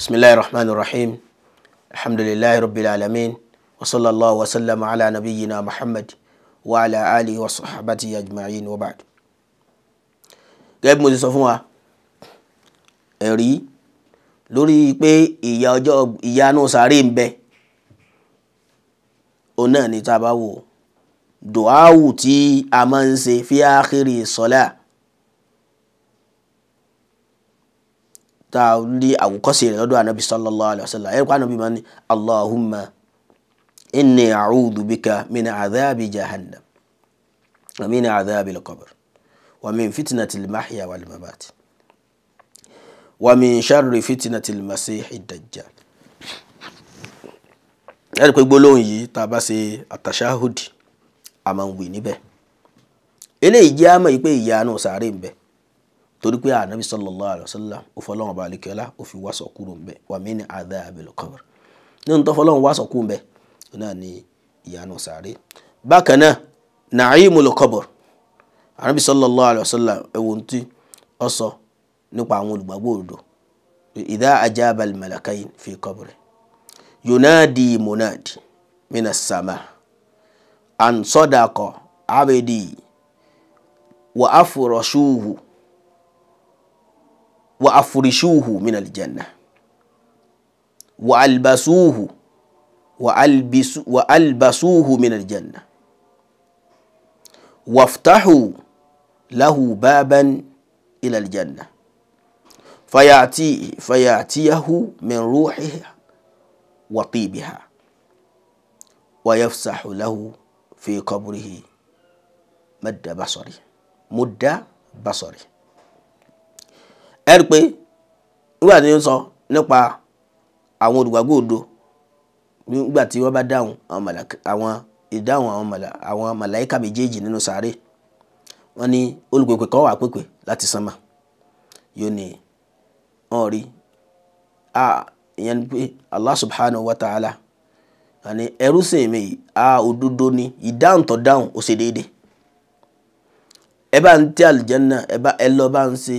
بسم الله الرحمن الرحيم الحمد لله رب العالمين وصلى الله وسلم على نبينا محمد وعلى آله وصحبه أجمعين وبعد gẹ́gẹ́ bí mo ti sọ fún wa ẹ̀rí lórí pé ìyà ọjọ́ ìyà náà sáré ń bẹ òun náà ni tá a bá wò dùáwù tí a máa ń ṣe fi sọlá tá a rí àwòkọ́ṣe rẹ̀ lọ́dọ̀ anabi sallallahu alayhi wa sallam ẹ̀rọ anabi máa ní allahumma inni a'udhu bika min adhabi jahannam wa min adhabi al-qabr wa min fitnati al-mahya wal-mamat wa min sharri fitnati al-masihi ad-dajjal ẹ̀rí pé gbólóhùn yìí tá a bá ṣe àtàṣáhùdì a níbẹ̀ eléyìí jẹ́ àmọ́ yìí pé ìyà sàárè ń bẹ torí pé ànábì sallallahu alaihi wasallam ó fọlọ́wọn ọba àlekẹ́lá ó fi wá sọ̀kúrò ń bẹ̀ wà mí ní adhabil qabr nínú tó fọlọ́wọn wá sọ̀kúrò ń bẹ̀ náà ni ìyanu sàárè bákan náà na'imul qabr ànábì sallallahu alaihi wasallam ẹ̀wọ̀n tí ó sọ nípa àwọn olùgbàgbọ́ òdodo idha ajaba al-malakayn fi qabri yunadi munadi minas sama an sadaqa abdi wa وأفرشوه من الجنة وألبسوه وألبس وألبسوه من الجنة وافتحوا له بابا إلى الجنة فيأتيه فيأتيه من روحها وطيبها ويفسح له في قبره مد بصره مد بصره ẹ rí i pé nígbà tí ń sọ nípa àwọn olùgbàgbọ́ òdo nígbà tí wọ́n bá dáhùn àwọn ìdáhùn àwọn màláìka méjèèjì nínú sàárè wọ́n ní olùpèpè kan wà pèpè láti sánmà yóò ní wọ́n rí a ìyẹn ni pé Allah subhanahu wa ta'ala àní ẹrú sìn mi a òdodo ni ìdáhùn tó dáhùn ó ṣe déédéé ẹ bá ń tẹ àlùjànnà ẹ lọ bá ń ṣe.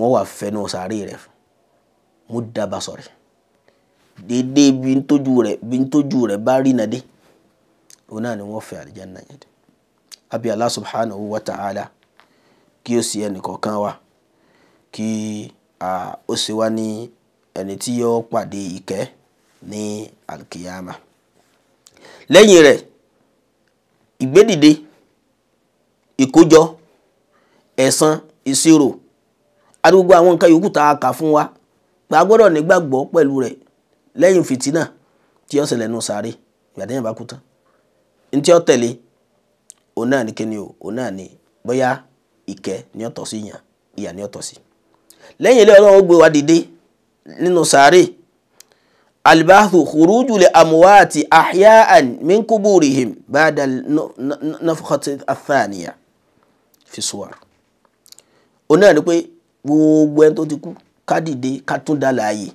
wọ́n wà fẹnu sàárè rẹ̀ mo dábàá sọ̀rọ̀ dédé bí n tójú rẹ̀ bí n tójú rẹ̀ bá rí nàdé òun náà ni wọ́n fẹ́ àlìjáná yẹn dé àbí Allah subhanahu wa ta'ala kí ó sì ẹnìkọ̀ọ̀kan wa kí ó sì wá ní ẹni tí yóò pàdé ìkẹ́ ní alkiyama lẹ́yìn rẹ̀ ìgbédìde ìkójọ ẹ̀san ìṣirò àti gbogbo àwọn nǹkan yòókù tá a kà fún wa gbà gbọ́dọ̀ nígbàgbọ́ pẹ̀lú rẹ̀ lẹ́yìn fìtínà tí ó ṣẹlẹ̀ nù sáré ìgbàdéyàn bá kú tán ní tí ó tẹ̀lé òun náà ní kíni o òun náà ní bóyá ìkẹ́ ni ó sí yàn ìyà ni ó sí. lẹ́yìn ilé ọlọ́run gbé wa dìde nínú sáré albaathu khuruju li amuwaati ahyaan min kuburihim baada nafukhati athaniya fi suwar. òun náà ní pé gbogbo ẹni tó ti kú ká dìde ká tún dá láàyè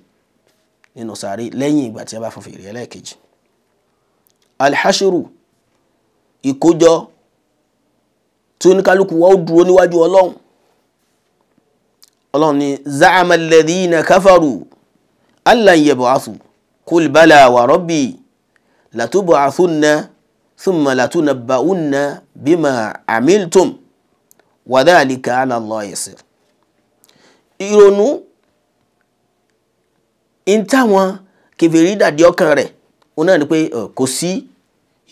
nínú sàárè lẹ́yìn ìgbà tí a bá fọn fèrè ẹlẹ́ẹ̀kejì alḥashiru ìkójọ tí oníkálukú wa ó dúró níwájú ọlọ́run ọlọ́run ni zaama alladhina kafaru allan yab'athu qul bala wa rabbi latub'athunna thumma latunabba'unna bima amiltum wa dhalika ala Allah yasir ìrònú in táwọn kèfèrí dàdí ọkàn rẹ̀ òun náà ni pé kò sí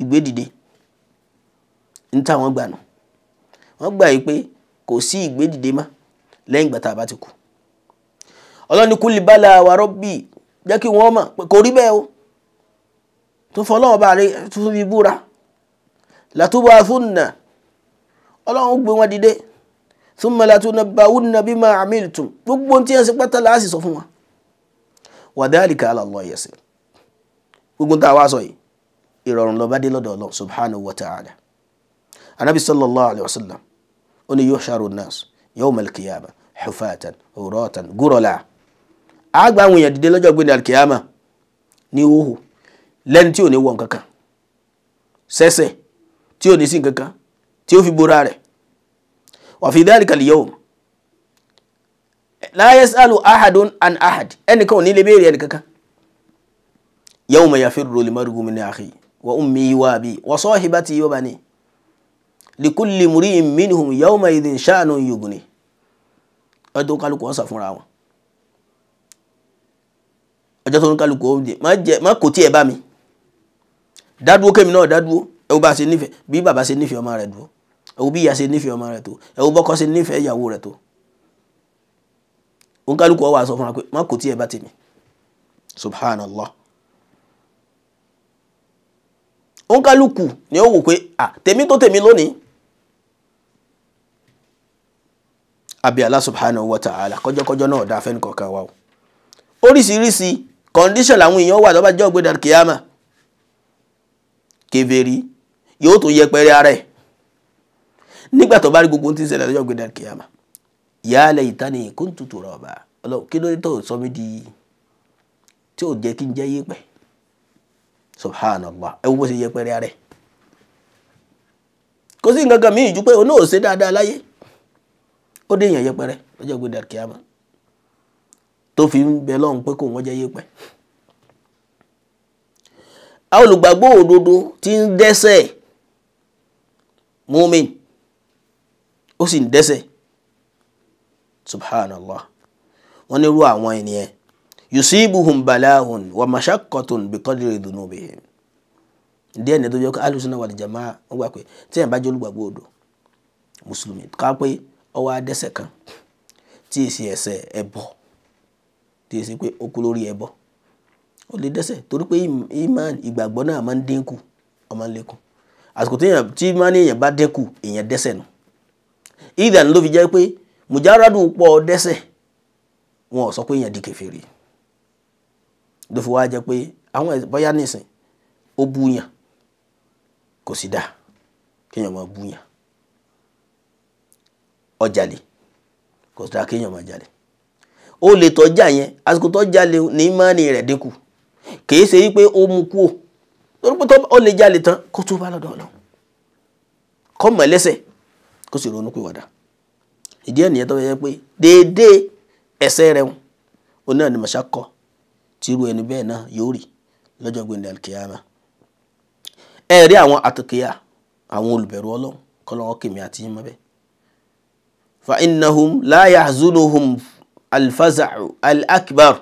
ìgbédìde in táwọn gbà nù wọ́n gbà yìí pé kò sí ìgbédìde mọ́ lẹ́yìn ìgbà tá a bá ti kú ọlọ́ni kúlì bala wa rabbi jẹ́ kí wọ́n mọ̀ pé kò rí bẹ́ẹ̀ o tó fọ́ ọlọ́run bá rí tó fi búra làtúbọ̀ àfúnà ọlọ́run gbé wọn dìde thumma latunabbaunna bima amiltum gbogbo tí ẹ̀ ń ṣe pátá láàsì sọ fún wa wa dhalika ala Allah yasir gbogbo tá a wá sọ yìí ìrọ̀rùn ló bá dé lọ́dọ̀ Allah subhanahu wa ta'ala anabi sallallahu alayhi wa sallam ó ní yuhsharu an-nas yawma al-qiyamah hufatan uratan gurala àgbà àwọn èèyàn dìde lọ́jọ́ gbẹ̀dẹ̀ alkiyama ní hóhò lẹ́ni tí ò ní wọ̀ nǹkan kan sẹ́sẹ̀ tí ò ní sí nǹkan kan tí ó fi bora rẹ̀ وفي ذلك اليوم لا يسأل أحد عن أحد أن كون لبيري أنك يوم يفر المرء من أخي وأمي وأبي وصاحبتي وبني لكل مريء منهم يومئذ شأن يغني ọjọ́ kálukú ọ̀sà fúnra wọn ọjọ́ tó ń kálukú oúnjẹ má kò tí ẹ bá mi dádúró kémi náà dádúró ẹ bó bá ṣe nífẹ̀ẹ́ bí bàbá ṣe nífẹ̀ẹ́ ọmọ rẹ̀ dúró ẹ̀wù bí ìyá ṣe nífẹ̀ẹ́ ọmọ rẹ̀ tó ẹ̀wù bọ́kọ ṣe nífẹ̀ẹ́ ìyàwó rẹ̀ tó òǹkálùkù ọwọ́ àsọ fúnra pé má kò tí ẹ bá tèmi subhanallah òǹkálùkù ni ó wò pé à tèmi tó tèmi lónìí àbí Allah subhanahu wa ta'ala kọjọkọjọ náà dá fẹ́ni kọ̀ọ̀kan wa o oríṣiríṣi kọ̀ǹdíṣàn làwọn èèyàn wà tó bá jẹ́ ògbé dàrú kìyàmà kèfèrí yóò tún yẹpẹrẹ ara ẹ̀ nígbà tó bá rí gbogbo ohun tí ń ṣẹlẹ̀ lọ́jọ́ gbẹdẹ kìyàmà ya laytani kuntu turaba ọlọ́run kí ló dé tó sọ mí di tí ò jẹ́ kí n jẹ́ yẹ̀pẹ̀ subhanallah ẹ wo bó ṣe yẹpẹrẹ rẹ kò sí nǹkan kan mí ìjú pé òun náà ṣe dáadáa láyé ó dé èèyàn yẹpẹrẹ lọ́jọ́ gbẹdẹ kìyàmà tó fi ń bẹ lọ́hùn pé kò wọ́n jẹ́ yẹ̀pẹ̀ àwọn olùgbàgbọ́ òdodo ti ń dẹ́ṣẹ̀ mumin ó sì ń dẹ́sẹ̀ subhanallah wọ́n nírú àwọn ènìyàn yusibuhum balahun wa mashaqqatun biqadri dhunubihim díẹ̀ ní tó yẹ kó alùsùn náà wà lìjàmá wọ́n gbà pé tí ẹ̀ bá jẹ́ olùgbàgbọ́ odò mùsùlùmí ká pé ọwọ́ adẹ́sẹ̀ kan tí èsì ẹ̀ṣẹ̀ ẹ̀bọ tí èsì pé ó kú lórí ẹ̀bọ ó lè dẹ́ṣẹ̀ torí pé iman ìgbàgbọ́ náà máa ń dínkù ó ń lékún àsìkò tí ìmánì bá dínkù èèyàn dẹ́ṣẹ̀ nù. No even lo fi je pe mujaradu po dese won so pe eyan dike fere do fi wa je pe awon boya nisin o buyan ko si da ke yan ma buyan ojale ko da ke yan ma jale o le toja yen asiko toja le ni mani re deku ke o mu ku o to o le jale tan ko tu lodo olo ko mo kó sì ronú pìwàdà ìdí ẹ̀ nìyẹn tó yẹ pé déédéé ẹsẹ̀ rẹ̀ wọn náà ni màṣákọ́ tí irú ẹni bẹ́ẹ̀ náà yóò rí lọ́jọ́ gbẹ̀ndẹ̀ alkiyama ẹ rí àwọn àtòkèyà àwọn olùbẹ̀rù ọlọ́run kọ́lọ́wọ́ kèmí àti yín mọ́bẹ́ fa innahum la yahzunuhum alfaza'u alakbar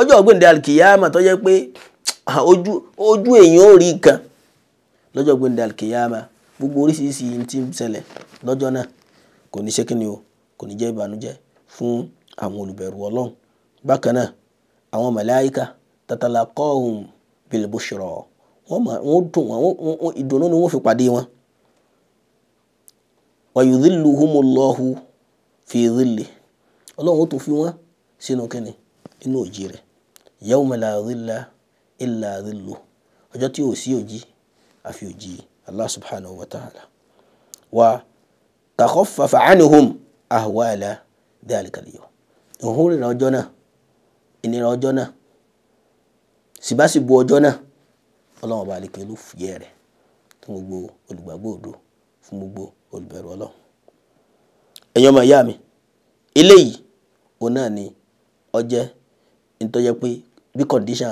ọjọ́ gbẹ̀ndẹ̀ alkiyama tó yẹ pé ah, ojú èèyàn ò rí nǹkan lọ́jọ́ gbẹ̀ndẹ̀ alkiyama gbogbo oríṣiríṣi yìí ti ń ṣẹlẹ̀ lọ́jọ́ náà kò ní ṣe kí ni o kò ní jẹ́ ìbànújẹ́ fún àwọn olùbẹ̀rù ọlọ́run bákan náà àwọn màláíkà tatalaqahum bil bushra wọ́n dùn wọ́n ìdùnnú ni wọ́n fi pàdé wọn. wa yudhilluhumullahu fi dhillihi ọlọ́run ó tún fi wọ́n sínú kínní inú òjì rẹ̀ yawma la dhilla illa dhilluhu ọjọ́ tí ò sí òjì àfi òjì Allah subhanahu wa ta'ala wa takhaffafa anhum ahwala dhalika al-yawm òun rìnrìn ọjọ́ náà ìnira ọjọ́ náà síbáṣìbò ọjọ́ náà ọlọ́run ọba àlekè ló fìyẹ́ rẹ̀ fún gbogbo olùgbàgbọ́ òdo fún gbogbo olùbẹ̀rù ọlọ́run ẹ̀yin ọmọ ìyá mi eléyìí òun náà ni ọjẹ́ nítorí pé bí kọ̀ǹdíṣàn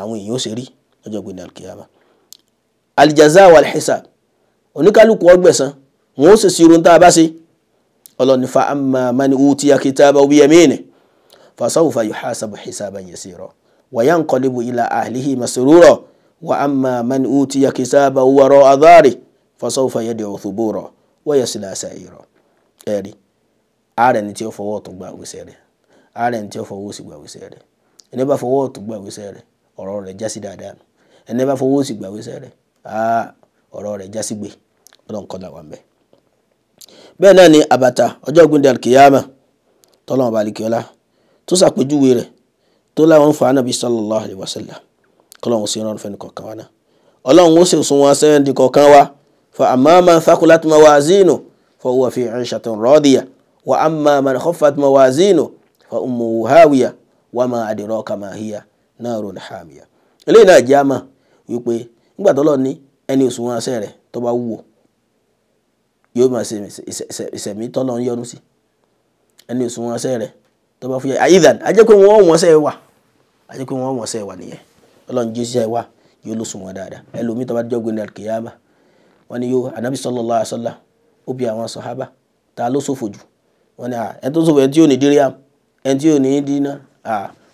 àwọn èèyàn ó ṣe rí lọ́jọ́ gbẹ̀dẹ̀ alkiyama alìjàzá wal hisab oníkálukú ọgbẹ̀sán wọn ó sì ṣírò tá a bá ṣe ọlọ́ni fa amma man utiya kitaba bi yamine fa sawfa yuhasabu hisaban yasira wa yanqalibu ila ahlihi masrura wa amma man utiya kitaba wara adhari fa sawfa yad'u thubura wa yasla sa'ira ẹ̀rí ààrẹ ni tí ó fọwọ́ ọ̀tún gba àwísẹ́ ààrẹ ni tí ó fọwọ́ òsì gba àwísẹ́ ẹni bá fọwọ́ ọ̀tún gba àwísẹ́ ọ̀rọ̀ rẹ̀ jásí dáadáa ẹni bá fọwọ́ òsì gba àwísẹ́ ọ̀rọ̀ rẹ̀ jásí gbé ọlọ́nkọ́lá wà mẹ́ẹ̀ bẹ́ẹ̀ náà ni àbàtà ọjọ́ gbẹ̀ndẹ̀ alkiyama tọ́lọ́wọ́n bá alikiola tó sàpèjúwe rẹ̀ tó láwọn fa anabi sallallahu alayhi wa sallam kọ́lọ́wọ́n sí ìrọ̀rùn fẹ́ni kọ̀ọ̀kan wa náà ọlọ́run ó sì sún wọn sẹ́yìn di kọ̀ọ̀kan wa fa amma man thaqulat mawazinu fa huwa fi 'ishatin radiya wa amma man khaffat mawazinu fa ummuhu hawiya wa ma adraka ma hiya narun hamiya eléyìí náà jẹ́ àmà wípé nígbà tọ́lọ́ ní ẹni òṣùwọ̀n yóò máa ṣe ìṣẹ̀mí tọ́lọ́ ń yọ́nú sí ẹni oṣù wọn ṣe rẹ tó bá fúyẹ́ àyídàn ajẹ́ pé wọ́n wọ́n ṣe wà ajẹ́ pé wọ́n wọ́n ṣe wà nìyẹn ọlọ́run jí ṣe wà yóò lóṣù wọn dáadáa ẹlòmíì tó bá jọ gbẹ̀ndẹ̀ kìyàmà wọn ni yóò anabi sallallahu alaihi wasallam ó àwọn ta ló wọn ni ẹni tó ṣòfò ẹni tí yóò ní díríàm ẹni tí yóò ní dínà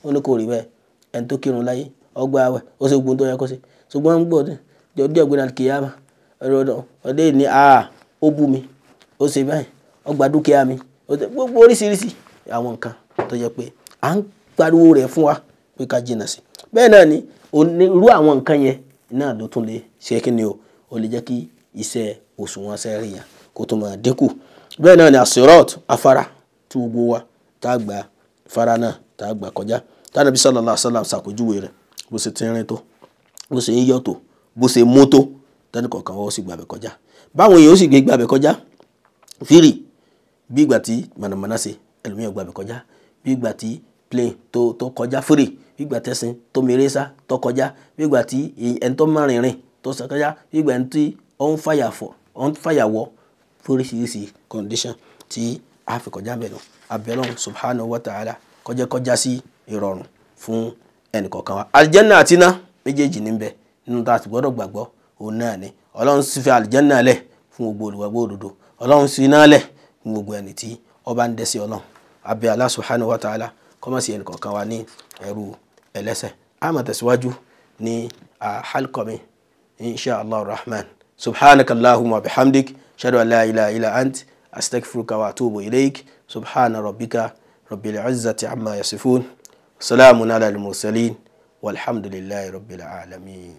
ó ní kò ó bú mi ó ṣe báyìí ó gba dúkìá mi gbogbo oríṣiríṣi àwọn nǹkan tó jẹ́ pé à ń pariwo rẹ̀ fún wa pé ká jìnnà sí bẹ́ẹ̀ náà ni irú àwọn nǹkan yẹn náà ló tún o ó lè jẹ́ kí iṣẹ́ òṣùwọ̀n sẹ́rìn yẹn kó tó máa dínkù bẹ́ẹ̀ náà ni asirot afárá tí gbogbo wa tá a gba fara náà tá a gbà kọjá ṣàpèjúwe bó ṣe tó bó tẹ́nì kọ̀ọ̀kan wọ́n sì gbàbẹ̀ kọjá báwọn èèyàn ó sì gbé gbàbẹ̀ kọjá fírì bí ìgbà tí mànàmáná ṣe ẹlòmíràn gbàbẹ̀ kọjá bí ìgbà tí plane tó tó kọjá fírì bí ìgbà tẹ̀sìn tó mèrè sá tó kọjá bí ìgbà tí ẹni tó márìn rìn tó sá kọjá bí ìgbà tí ó fàyà fọ ó fàyà wọ fóríṣiríṣi condition tí a fi kọjá bẹ̀rù abẹ́lọ́n subhanahu wa ta'ala kọjá kọjá sí ìrọ̀rùn fún ẹnì kọ̀ọ̀kan wa àlìjẹ́nà àti iná méjèèjì níbẹ̀ nínú tá a ti gbọ́dọ̀ gbàgbọ́ òun náà ni ọlọ́run sì fi àlùjánnà lẹ̀ fún gbogbo olùgbàgbọ́ òdodo ọlọ́run sì iná lẹ̀ fún gbogbo ẹni tí ọba ń dẹ́sí ọlọ́run abẹ́ Allah subhanahu wa ta'ala kọ́mọ̀sí ẹnì kọ̀ọ̀kan wa ní ẹrú ẹlẹ́sẹ̀ a máa tẹ̀síwájú ní àhálkọ́mi insha allah rahman subhanaka allahumma bihamdik shadu an la ilaha illa ant astaghfiruka wa atubu ilayk subhana rabbika rabbil izzati amma yasifun salamun ala al mursalin walhamdulillahi rabbil alamin.